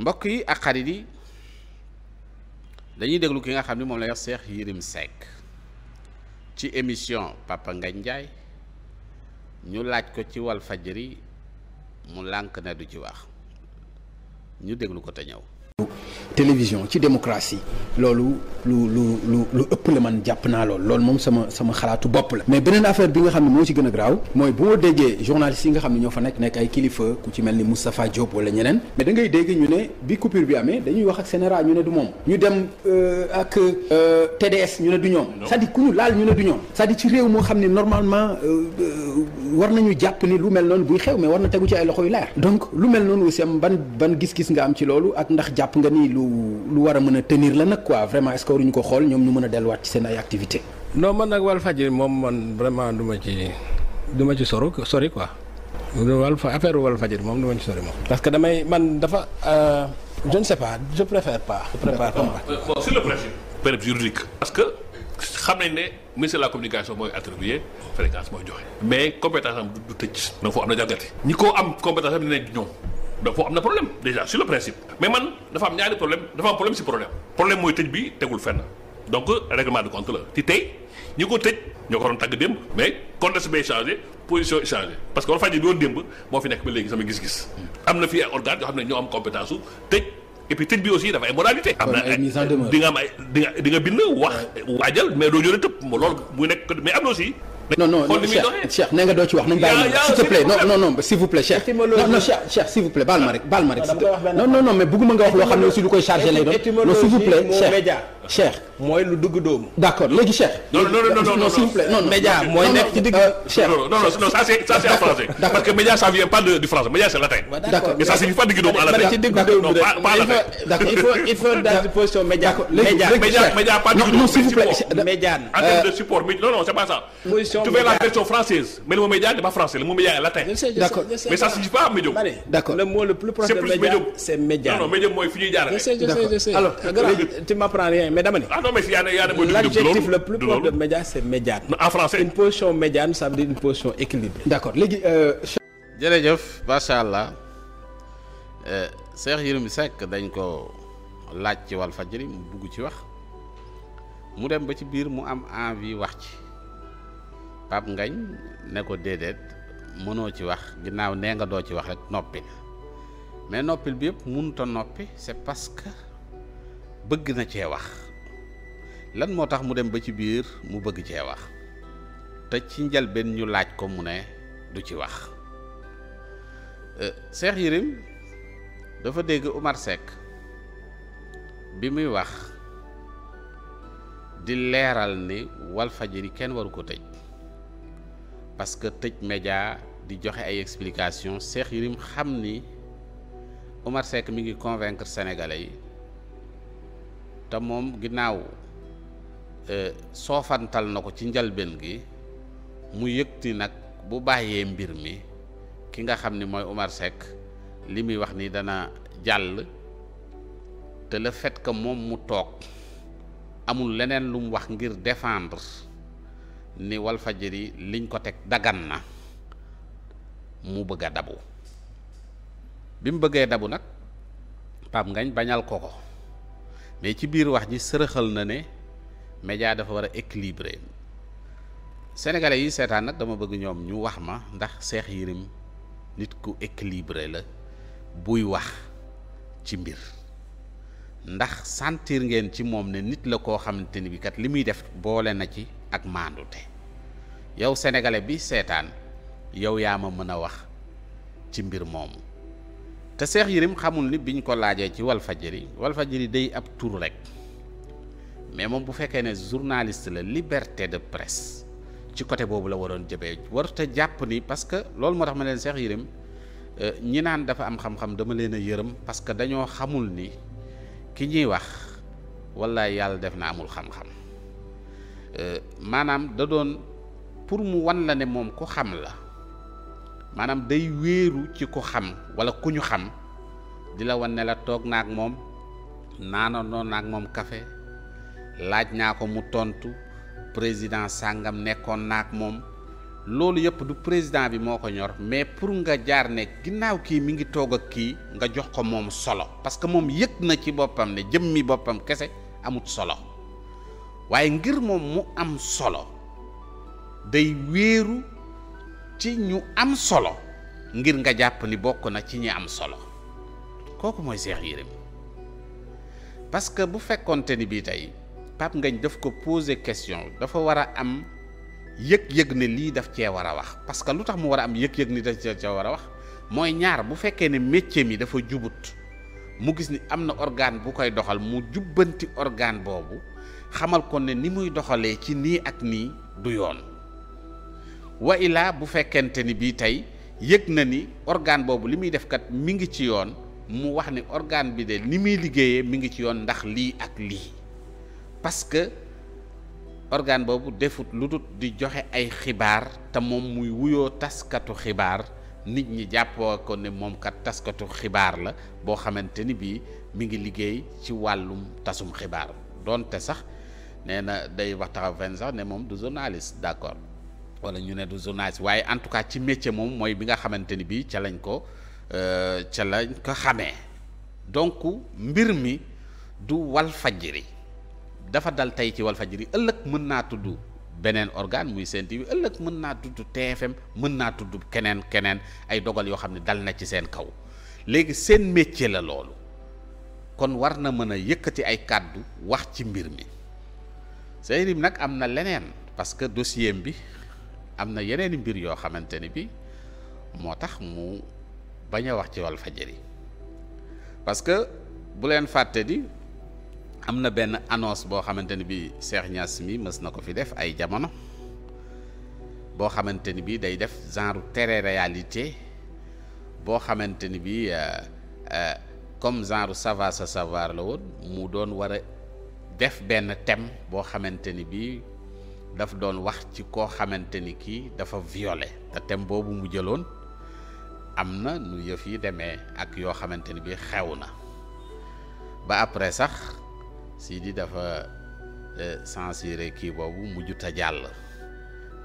mbokk yi ak xarit yi dañuy déglu ki nga xam ni moom la yor Cheikh Yérim Seck ci émission Papa Ngagne Ndiaye ñu laaj ko ci Walf Fadjri mu lànk ne du ci wax ñu déglu ko te ñëw télévision ci démocratie loolu lu lu lu lu ëpp la man jàpp naa lool loolu moom sama sama xalaatu bopp la mais beneen affaire bi nga xam ne moo ci gën a graaw mooy boo déggee journalistes yi nga xam ne ñoo fa nekk nekk ay kilifa ku ci mel ni Moustapha Diop wala ñeneen mais da ngay dégg ñu ne bi coupure bi amee dañuy wax ak sénéral ñu ne du moom ñu dem euh, ak euh, TDS ñu ne du ñoom cest à ku ñu laal ñu ne du ñoom sa à ci réew moo xam ne normalement euh, war nañu jàpp ni lu mel noonu buy xew mais war na tegu ci ay loxo yu leer donc noonu aussi am ban ban gis-gis nga am ci loolu ak ndax jàpp ni lu lu war a mën a tenir la nag quoi vraiment est-ce ñu ko xool ñoom ñu mën a delluwaat ci seen ay activités. non man nag Walfadjri moom man vraiment du ma ci du ma ci soru sori quoi. Walf affaire Walfadjri moom du ma ci sori moom. parce que damay man dafa euh, je ne sais pas je préfère pas. je préfère pas. Euh, bon parce que xam nañ ne ministre la communication mooy attribué fréquence mooy joxe. mais compétence am du tëj. donc foofu am na jàngate. ñi ko am compétence am dinañ ñoom. donc foofu am na problème déjà sur le principe mais man dafa am ñaari problème dafa am problème si problème problème mooy tëj bi tegul fen donc règlement de compte la ti tey ñi ko tëj ñoo ko doon tàgg démb mais contexte bay changé position changé parce que Walfadjri bi doon démb moo fi nekk ba léegi sama gis-gis am na fi ay organes yoo xam ne ñoo am compétence tëj et tëj bi aussi dafa ay modalité am na di nga bind wax waajal mais doo jëlee tëb loolu muy nekk mais am na non non non Cheikh Cheikh nee nga doo ci wax nañ non non non s'il vous plaît Cheikh non non non mais bëgguma nga wax loo xam ne aussi lu koy chargé lay non s'il Cheikh mooy lu dugg doomu. d'accord léegi Cheikh. non non non non média mooy nekk ci digg. Euh, Cheikh non non non ça c'est ça c'est en français. parce que média ça vient pas du français média c'est latin. d'accord mais ça signifie pas digg doomu en latin. ci digg doomu de d'accord la version française mais le mot média n'est pas français le mot média est latin. d'accord mais ça signifie pas médium. le mot le plus proche de média c'est médiane. non non médium mooy fi je sais je sais alors tu mais dama ne. ah non mais si y a ne y a ne mooy l' adjectif le plus proche de média c' est médiane. en français une position médiane ça veut dire une position équilibrée. d' accord léegi. Euh, jërëjëf macha allah euh, Cheikh Yérim Seck dañ ko laaj ci Walf Fadjri mu bugg ci wax mu dem ba ci biir mu am envie wax ci Pape Ngagne ne ko déedéet mënoo ci wax ginnaaw nee nga doo ci wax rek noppi mais noppil bi yëpp mënut a noppi c'est parce que bëgg na cee wax lan moo tax mu dem ba ci biir mu bëgg cee wax te ci njalbeen ñu laaj ko mu ne du ci wax euh, Cheikh Yérim dafa dégg Umar Seck bi muy wax di leeral ni Walfadjri kenn waru ko tëj parce que tëj média di joxe ay explication seex Yérim xam ni Umar Seck mi ngi convaincre sénégalais yi te moom ginnaaw E, soofantal na ko ci njalbeen gi mu yëgti nag bu bàyyee mbir mi ki nga xam ni mooy Umar Seck li muy wax ni dana jàll te la fait que moom mu toog amul leneen lum wax ngir défendre ni Walfadjri liñ ko teg dagan na mu bëgg a dabu bi mu bëggee dabu nag Pape Ngañ bañal ko ko mais ci biir wax ji sërëxal na ne média dafa war a équilibré sénégalais yi seetaan nag dama bëgg ñoom ñu wax ma ndax Cheikh Yérim nit ku équilibré la buy wax ci mbir ndax sentir ngeen ci moom ne nit la koo xamante ni bi kat li muy def boole na ci ak maandute yow sénégalais bi seetaan yow yaa ma mën a wax ci mbir moomu te seex Yérim xamul ni biñ ko laajee ci Walfadjri Walfadjri day ab tur rekk mais moom bu fekkee ne journaliste la liberté de presse ci côté boobu la waroon jëbee warut jàpp ni parce que loolu moo tax ma leen Cheikh Yérim euh, ñi naan dafa am xam-xam dama leen a yërëm parce que dañoo xamul ni ki ñuy wax wallaay yàlla def na amul xam-xam euh, maanaam da doon pour mu wan la ne moom ku xam la maanaam day wéeru ci ku xam wala ku ñu xam di la wan ne la toog naa ak moom naanandoo naag moom kafe laaj naa ko mu tontu président sàngam nekkoon naak moom loolu yëpp du président bi moo ko ñor mais pour nga jaar ne ginnaaw kii mi ngi toog ak kii nga jox ko moom solo parce que moom yëg na ci boppam ne jëmmi boppam kese amut solo waaye ngir moom mu am solo day wéeru ci ñu am solo ngir nga jàpp ni bokk na ci ñi am solo kooku mooy Cheikh Yérim parce que bu fekkonte ni bii tey Pape ngañ daf ko poser question dafa war a am yëg-yëg ne lii daf cee war a wax parce que lu tax mu war a am yëg-yëg ni daf cee war a wax mooy ñaar bu fekkee ne métier mi dafa jubut mu gis ni am na organe bu koy doxal mu jubbanti organe boobu xamal ko ne ni muy doxalee ci nii ak nii du yoon wa ilaa bu fekkente ni bii tey yëg na ni organe boobu li muy def kat mi ngi ci yoon mu wax ni organe bi de ni muy liggéeyee mi ngi ci yoon ndax lii ak lii parce que organe boobu defut lu dul di joxe ay xibaar te moom muy wuyoo taskatu xibaar nit ñi jàppoo ko ne moom kat taskatu xibaar la boo xamante ni bii mi ngi liggéey ci wàllum tasum xibaar doonte sax nee na day wax taxaw fenn sax ne moom du journaliste d'accord wala ñu ne du journaliste waaye en tout cas ci métier moom mooy bi nga xamante ni bii ca lañ ko euh, ca lañ ko xamee donc mbir mi du wal Walfadjri dafa dal tey ci Walfadjri ëllëg mën naa tudd beneen organe muy seen TV ëllëg mën naa tudd TFM mën naa tudd keneen keneen ay dogal yoo xam ne dal na ci seen kaw léegi seen métier la loolu kon war na mën a yëkkati ay kàddu wax ci mbir mi Sayrib nag am na leneen parce que dossier bi am na yeneen mbir yoo xamante ni bi moo tax mu bañ a wax ci Walfadjri parce que bu leen fàtte di am na benn annonce boo xamante ni bii Cheikh Niass mi mës na ko fi def ay jamono boo xamante ni bii day def genre télé-réalité boo xamante ni bii euh, euh, comme genre ça va se la woon mu doon wara a def benn thème boo xamante ni bii daf doon wax ci koo xamante ni kii dafa violé te thème boobu mu jëloon am na nu yëf yi demee ak yoo xamante ni bii xew na ba après sax. sii di dafa e, censuré kii boobu mujjut a jàll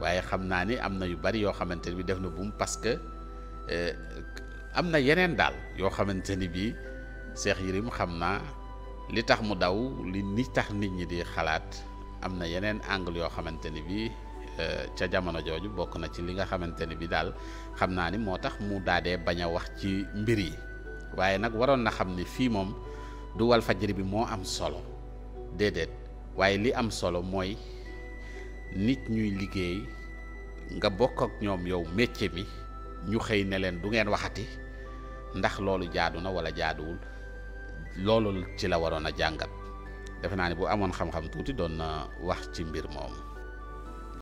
waaye xam naa ni am na yu bari yoo xamante ni bi def na buum parce que e, am na yeneen daal yoo xamante ni bi Cheikh Yérim xam naa li tax mu daw li ni tax nit ñi di xalaat am na yeneen angle yoo xamante ni bi e, ca jamono jooju bokk na ci li nga xamante ni bi daal xam naa ni moo tax mu daadee bañ a wax ci mbir yi waaye nag waroon na xam ni fii moom du Walfadjri bi moo am solo déedéet waaye li am solo mooy nit ñuy liggéey nga bokk ak ñoom yow métier mi ñu xëy ne leen du ngeen waxati ndax loolu jaadu na wala jaaduwul loolu ci la waroon a jàngat defe naa ne bu amoon xam-xam tuuti doon na wax ci mbir moomu